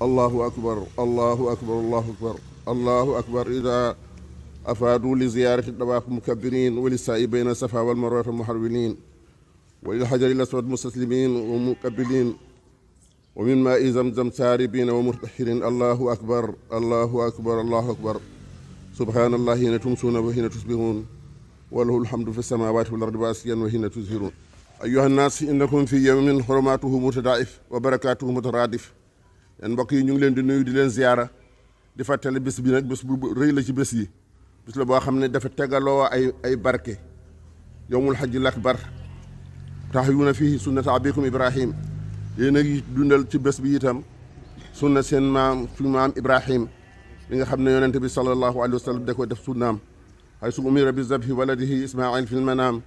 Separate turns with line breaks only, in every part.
allahu akbar allahu akbar allahu akbar allahu akbar ida afaadu li ziyaarati dawaaf mukabbiriin wa lisaa'i bayna safa wal marwata muharwiliin wa lil hajari l aswad mustaslimiin wa mukabbiliin wa min maa'i zamzam saaribiina wa mutahhiriin allahu akbar allahu akbar allahu akbar subhaanallah hiina tumsuuna wa hiina tusbihuun wa lahu lhamdu fi samaawaati wal ardi waasiyan wa hiina tuzhiruun ayyuha nnaas innakum fi yawmin hurumaatuhu mutadaa'if wa barakaatuhu mutaraadif yéen mbokk yi ñu ngi leen di nuyu di leen ziyaara di fàttali bés bi nag bés bu rëy la ci bés yi bés la boo xam ne dafa tegaloo ay ay barke yowmul xajjil akbar tahyuuna fiihi sunnata abikum ibrahim yéen a ngi dundal ci bés bi itam sunna seen maam suñu maam ibrahim li nga xam ne yonente bi sallallahu alayhi wa sallam da def sunnaam hay su umira bi zabhi waladihi ismail fil manaam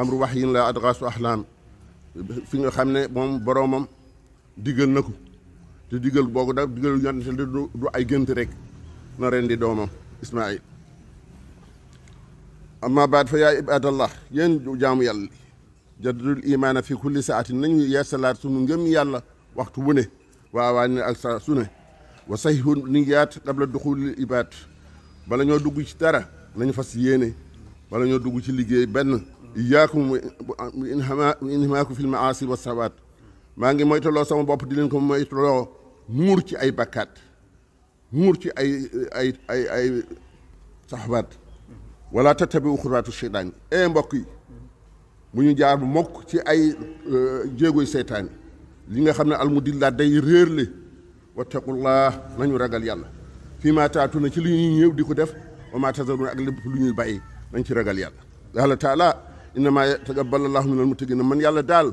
amru wax yin la adgaasu ahlaam fi nga xam ne moom boroomam diggal na ko te digal boo ko def digal yonent bi du ay gént rek na ren di doomam Ismaayil amma baat fa yaa ibadallah yéen jaamu yàlla jadidul imaana fi kulli saatin nañu yeesalaat sunu ngëm yàlla waxtu wu ne waawaa ne ak sa su ne wa sahihu niyaat qabla duxulil ibaad bala ñoo dugg ci dara nañu fas yéene bala ñoo dugg ci liggéey benn iyaakum inhimaaku fil maasi wa sawaat maa ngi moytaloo sama bopp di leen ko moytaloo muur ci ay bakkaat muur ci ay ay ay ay saxabaat wala tattabiu xuraatu seytaan e eh, mbokk yi bu ñu jaar bu mokk ci ay euh, jéegoy seytaan li nga xam ne almudillaat day réer le wattaqullah nañu ragal yàlla fii maa taatu na ci li ñuy ñëw di ko def wa maa tazaruuna ak lépp lu ñuy bàyyi nañ ci ragal yàlla yàlla taala innamaa yataqabbalu llaahu minal muttaqiin man yàlla daal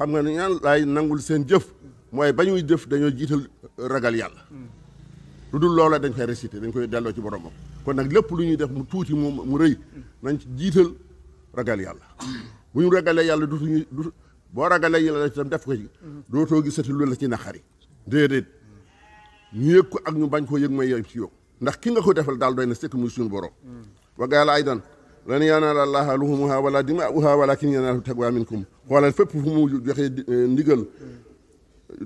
xam nga ne ñaan laay nangul seen jëf mooy ba ñuy jëf dañoo jiital ragal yàlla lu dul loola dañ koy récité dañ koy delloo ci boromam kon nag lépp lu ñuy def mu tuuti mu mu rëy nañ ci jiital ragal yàlla bu ñu ragalee yàlla dutuñu du boo ragalee yàlla itam def ko ci dootoo gisati lu la ci naqari déedéet ñu yëg ko ak ñu bañ koo yëg mooy yem ci yow ndax ki nga ko defal daal doy na sëkk muy suñu borom wa gaala aydan lan yanaala llaaha luhumuhaa wala dimaa'uhaa walakin yanaaluhu taqwa minkum xoolal fépp fu mu joxe eh, ndigal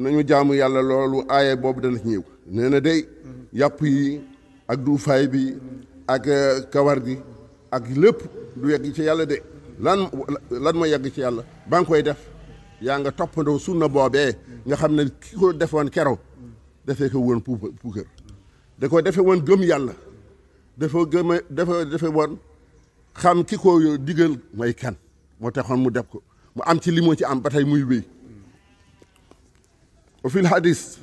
nañu jaamu yàlla loolu aaye boobu dana ci ñëw nee na day yàpp yi ak duufaay bi ak eh, kawar gi ak lépp du yegg ci yàlla de lan lan ma yegg ci yàlla ba nga koy def yaa nga toppandoo sunna boobee nga xam ne ki ko defoon kero defee ko woon pou puukër ko defe woon gëm yàlla dafa gëm dafa defe woon xam ki ko digal mooy kan moo taxoon mu def ko mu am ci limo ci am ba tey muy wéy wa fi lhadis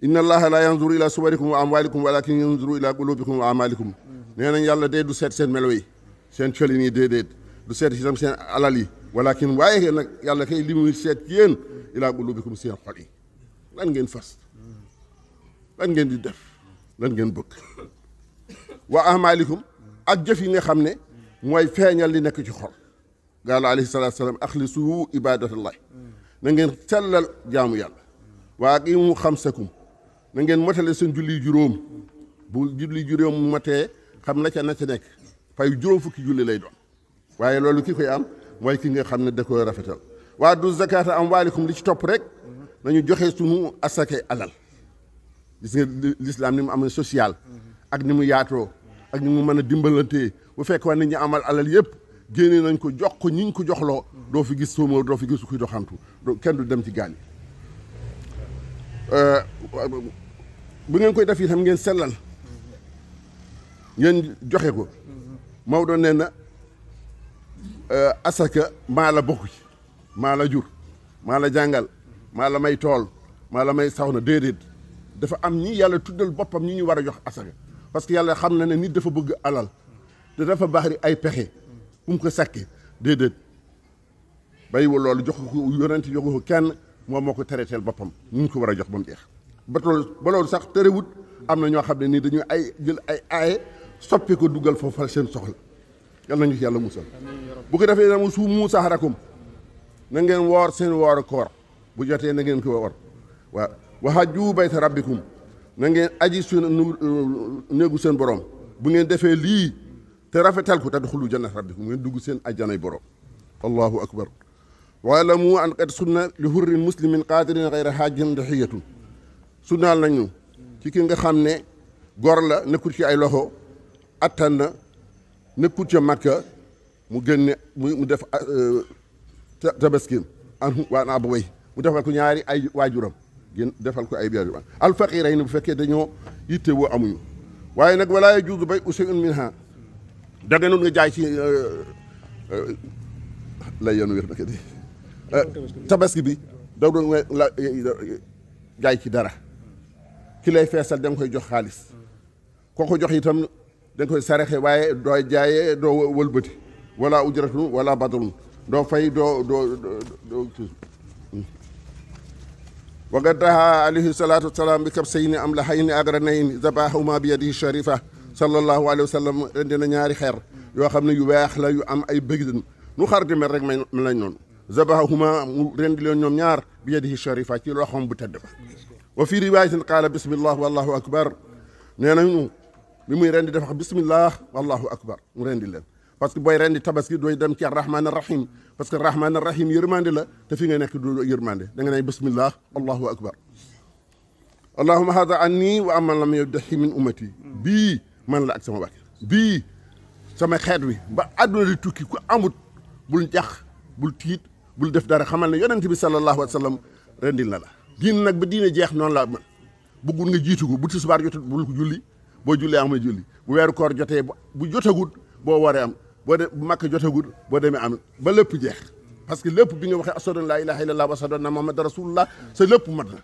inna allaha la yanzuru ila suwarikum wa amwalikum walakin yanzuru ila qulubikum wa amalikum nee nañ yàlla de du seet seen melo yi seen colin yi déedéet du seet itam seen alal yi walakin waaye nag yàlla kay li seet ci yéen ila qulubikum seen xol yi lan ngeen fas lan ngeen di def lan ngeen bëgg wa amalikum ak jëf yi nga xam ne mooy feeñal li nekk ci xol gaalu alayhi salaatu salaam axlisu ibadatallah na ngeen sellal jaamu yàlla waa gi mu xamsakum na ngeen motale seen julli juróom bu julli juróom matee xam na ca na ca nekk fay juróom fukki julli lay doon waaye loolu ki koy am mooy ki nga xam ne da koy rafetal waa du zakata am waalikum li ci topp rek nañu joxe sunu asake alal gis lislaam ni mu amee social ak ni mu yaatoo ak ni mu mën a dimbalantee bu fekkoon ne ñu amal alal yëpp génnee nañ ko jox ko ñiñ ko joxloo doo fi gis tuuma doo fi gis kuy doxantu kenn du dem ci gaal yi euh, bu ngeen koy def yi xam ngeen sellal ngeen joxe ko Maodo nee na euh, asaka maa la bokk ci maa la jur maa la jàngal maa la may tool maa la may na déedéet dafa am ñi yàlla tuddal boppam ñi ñu war a jox asaka parce que yàlla xam na ne nit dafa bëgg alal te dafa bari ay pexe bu mu ko sàkkee déedéet bàyyiwul loolu jox ko yonent jox kenn moom moo ko tereeteel boppam mu ngi ko war a jox ba mu jeex ba loolu ba loolu sax terewut am na ñoo xam ne nii dañuy ay jël ay aaye soppi ko dugal foofa seen soxla yal nañu ci yàlla musal bu ko defee nag su muusa harakum na ngeen woor seen wooru koor bu jotee na ngeen ko woor waaw wahajju bayta rabbikum na ngeen aji seen néegu seen borom bu ngeen defee lii te rafetal ko tadxulu jannata mu ngeen dugg seen a ajjanay borom allahu akbar mu an qad sunna li hurrin muslimin qaadirin xayra haajin daxiyatun sunnaal nañu ci ki nga xam ne gor la nekkul ci ay loxo attan na nekkul ca makka mu génne mu def euh, tabaskim an waan abaway mu defal ku ñaari ay waajuram gën defal ko ay bi biir alfaqirayni bu fekkee dañoo yittewoo amuñu waaye nag walaa yajuuzu bay ushay'un minha danga noonu nga jaay ci euh, euh, lay yoon wér naka di euh, tabaski bi da doon nga jaay ci dara ki lay feesal da koy jox xaalis koo jox itam da koy saraxe waaye doo jaayee doo wëlbati wala ujratun wala badalun doo fay doo doo doo wa gaddaha alayhi salaatu wasalaam bi kab sayni am la xayni agra nayni zabahuma bi yadihi sharifa sallallahu alayhi wa sallam indi na ñaari xeer yoo xam ne yu weex la yu am ay bëgg nu xar di mel rek may lañ noonu zabahahuma mu rendi leen ñoom ñaar bi yadihi sharifa ci loxoom bu tedd ba wa fi riwayatin qaala bismillah wallahu akbar nee na bi muy rendi dafa wax bismillah wallahu akbar mu rendi leen parce que booy rendi tabaski dooy dem ci arrahman arrahim parce que arrahman arrahim yërmande la te fi nga nekk du yërmande da nga ne bismillah allahu akbar allahuma hada anni wa aman lam yuddahi min ummati bii man la ak sama wàcc bii sama xeet wi ba àdduna di tukki ku amut bul jax bul tiit bul def dara xamal ne yonent bi sallallahu alayhi wa sallam rendil na la diin nag ba diine jeex noonu laa man bëggul nga jiitu ko bu tisbaar jotut bul ko julli boo jullee am na julli bu weeru koor jotee bu jotagut boo waree am boo de bu makk jotagut boo demee am ba lépp jeex parce que lépp bi nga waxee ashhadu an laa ilaaha illallaah wa ashhadu anna muhammadan rasulullah sa lépp mat na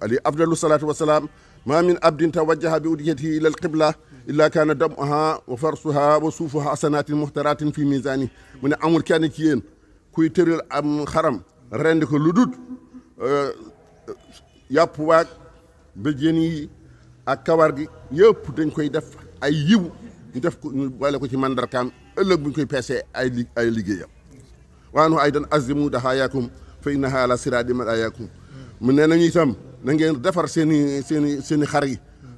ali afdalu salatu wassalam ma min abdin tawajjaha bi udiyatihi ila alqibla illa kaana damuha wa farsuha wa suufuha hasanatin muhtaratin fi misani mu ne amul kenn ki yéen kuy tëral am xaram rendi ko lu dut euh, yàpp waag bëjjën yi ak kawar gi yëpp dañ koy def ay yiw def ko ko ci mandarkaam ëllëg bu ñu koy peesee ay li ay liggéeyam waanu da azimu daxaayakum fa innaha ala siraadi malayakum mu nee nañu itam na ngeen defar seen i seen xar yi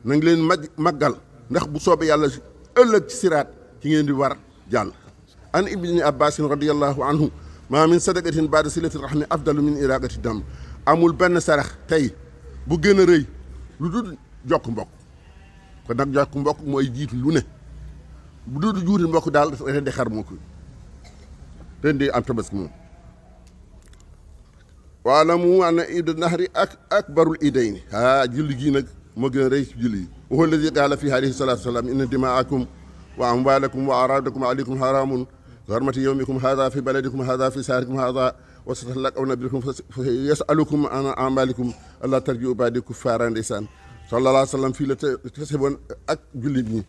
nañ leen mag màggal ndax bu soobee yàlla ëllëg ci siraat ci ngeen di war jàll an ibni abbasin radiallahu anhu maa min sadaqatin baada silati rahmi afdalu min iraqati dam amul benn sarax tey bu gën a rëy lu dul jokk mbokk kon nag jokk mbokk mooy jiitu lu ne bu dul juuti mbokk daal ren di xar moo ko ren di am tabaski moom waalamu anna iida nahri ak akbarul idayni aa julli gii nag moo gën a rëy julli yi wa huwa alladi qaala fi alayhi salaatu wasalaam inna dimaakum wa amwaalakum wa araadakum aleykum haraamun hormati yowmikum hada fi baladikum hada fi saarikum hada wa satallaqawna bikum yasalukum an amalikum allah tarjiu baadi kuffaara ndeysaan sallallahu alayhi wa sallam fii la tase woon ak jullit ñi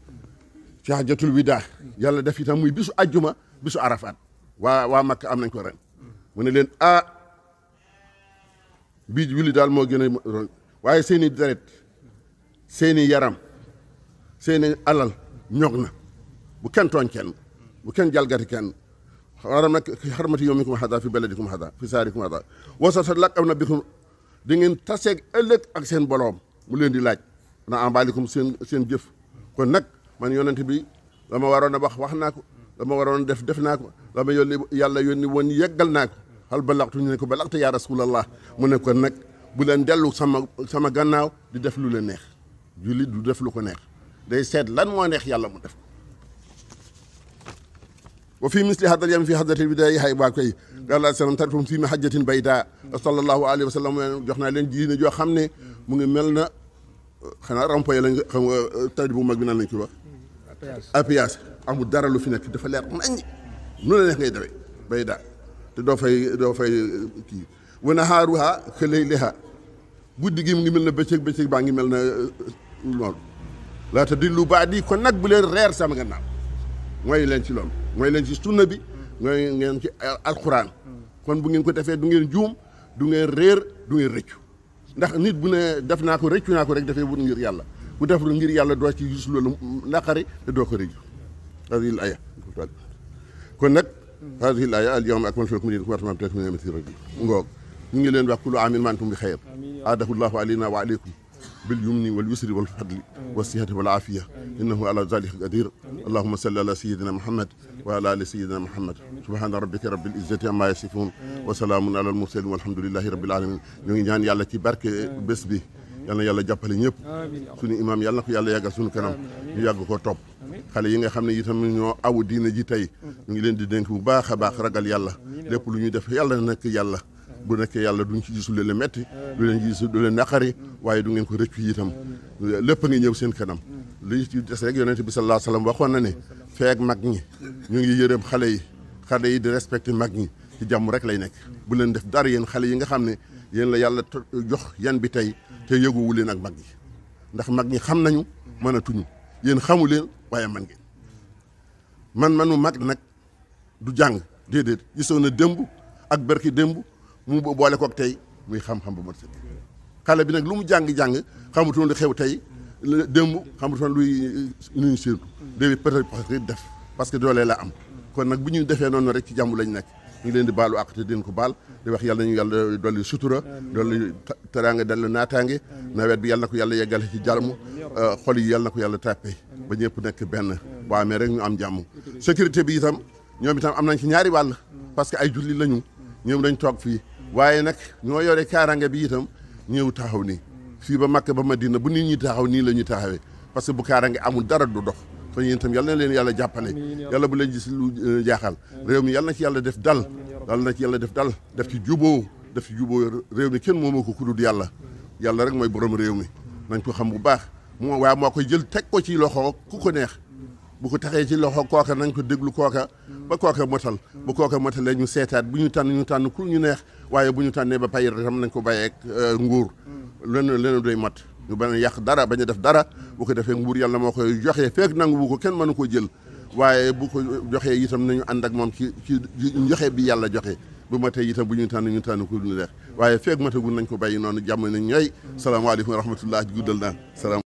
ci hajjatul wida yàlla def itam muy bisu ajjuma bisu arafat waa waa makka am nañ ko ren mu ne leen ah bii julli daal moo gën a waaye seeni deret seeni yaram seeni alal ñoog na bu kenn tooñ kenn bu kenn jalgati kenn xaram nag xarmati yawmikum hada fi baladikum hada fi saarikum hada wasata lak am na bikum di ngeen taseeg ëllëg ak seen boloom mu leen di laaj na ambalikum seen seen jëf kon nag man yonent bi la ma waroon a wax wax naa ko la ma waroon def def naa ko la ma yónni yàlla yónni woon yeggal naa ko hal balaxtu ñu ne ko balaxta yaa rasulallah mu ne ko nag bu leen dellu sama sama gannaaw di def lu leen neex jullit du def lu ko neex day seet lan moo neex yàlla mu def ko wa fi misli hadal yam fi hadratil bidayi hay waa koy daala salam tarifum fi mahajjatin bayda sallallahu alayhi wa sallam jox naa leen ne joo xam ne mu ngi mel na xanaa rampoye lañ xam nga bu mag bi na lañ koy wax apias amul dara lu fi nekk dafa leer nañ nu la neex ngay dawee bayda doo fay doo fay kii wa nahaaruha kalayliha guddi gi mu ngi mel na bëccëg bëccëg baa ngi mel na euh, noonu laata di lu baax di kon nag bu leen reer sama gannaaw mooy leen ci loolu mooy leen ci sunna bi mooy ngeen ci alquran kon bu ngeen ko defee du ngeen juum du ngeen réer du ngeen rëccu ndax nit bu ne def naa ko rëccu naa ko rek defee wut ngir yàlla bu deful ngir yàlla doo ci gis loolu naqari te doo ko rëccu. kon nag. hadihi l aya al yawma akmaltu lakum diinakum wa atmamtu alaykum ni'mati rabbi ngoog ñu ngi leen wax kullu aamin wa antum bi xayr aadahu llahu alaynaa wa aleykum bil yumni wal yusri wal fadli wa sihati wal aafiya innahu ala zalika qadir allahuma salli ala sayidina muhammad wa ala ali sayidina muhammad subhana rabbika rabbil izzati amma yasifun wa salaamun ala al mursalin walhamdulillahi rabbil alamin ñu ngi ñaan yàlla ci barke bés bi yal yàlla jàppale ñëpp suñu imaam yàlla na ko yàlla yàggal suñu kanam ñu yàgg koo topp xale yi nga xam ne itam ñoo aw diina ji tey mm-hmm. ñu ngi leen di dénk bu baax a baax ragal yàlla lépp lu ñuy def yàlla nekk yàlla bu nekkee yàlla duñ ci gisul leen metti du leen gis du leen naqari mm-hmm. waaye du ngeen ko rëccu itam lépp ngi ñëw seen kanam mm-hmm. li ci des rek yonent bi sallallahu alayhi wasallam waxoon na ne feek mag ñi ñu ngi yërëm xale yi xale yi di respecté mag ñi ci jàmm rek lay nekk bu leen def dara yéen xale yi nga xam ne yéen la yàlla jox yan bi tey te yëguwu leen ak mag ñi ndax mag ñi xam nañu mënatuñu yéen xamu leen waaye man ngeen man manu mag nag du jàng déedéet gisoon na démb ak berki démb mu boole koog tey muy xam-xam ba mat sëkk bi nag lu mu jàng-jàng xamutoon lu xew tey démb xamutoon luy nuñu séentu déedéet peut-être def parce que doole la am kon nag bu ñuy defee noonu rek ci jàmm lañ nekk ñu ngi leen di baalu àq te deen ko baal di wax yàlla ñu yàlla dolli sutura dolli teraanga dolli naataange nawet bi yàlla na ko yàlla yeggal ci jàmm euh, xol yi yàlla na ko yàlla tàppe ba ñëpp nekk benn waa mais rek ñu am jàmm sécurité bi itam ñoom itam am nañ ci ñaari wàll parce que ay julli lañu ñoom dañ toog fii waaye nag ñoo yore kaaraange bi itam ñëw taxaw nii fii ba Makka ba Madina bu nit ñi taxaw nii la ñuy taxawee parce que bu kaaraange amul dara du dox te yéen itam yal na leen yàlla jàppale yàlla bu leen gis lu euh, jaaxal réew mi yal na ci yàlla def dal yal na ci yàlla def dal def ci juboo def ci juboo réew mi kenn moomoo ko kudul yàlla yàlla rek mooy borom réew mi nañ ko xam bu baax mu waaye moo koy jël teg ko ci loxo ku ko neex bu ko taxee ci loxo kooka nañ ko déglu kooka ba kooka motal bu kooka motalee ñu seetaat bu ñu tànn ñu tànn ku ñu neex waaye bu ñu tànnee ba pay tam nañ ko bàyyeeg euh, nguur mm. lenn lenn doy mat ñu bañ yàq dara bañ def dara bu ko defee nguur yàlla moo koy joxe fekk nangu bu ko kenn mënu ko jël waaye bu ko joxee itam ñu ànd ak moom ci ci joxe bi yàlla joxe bu matee itam bu ñu tànn ñu tànn ko lu neex waaye fekk matagul nañ ko bàyyi noonu jamono nañ ñooy salaamaaleykum wa rahmatullah guddal naa salaam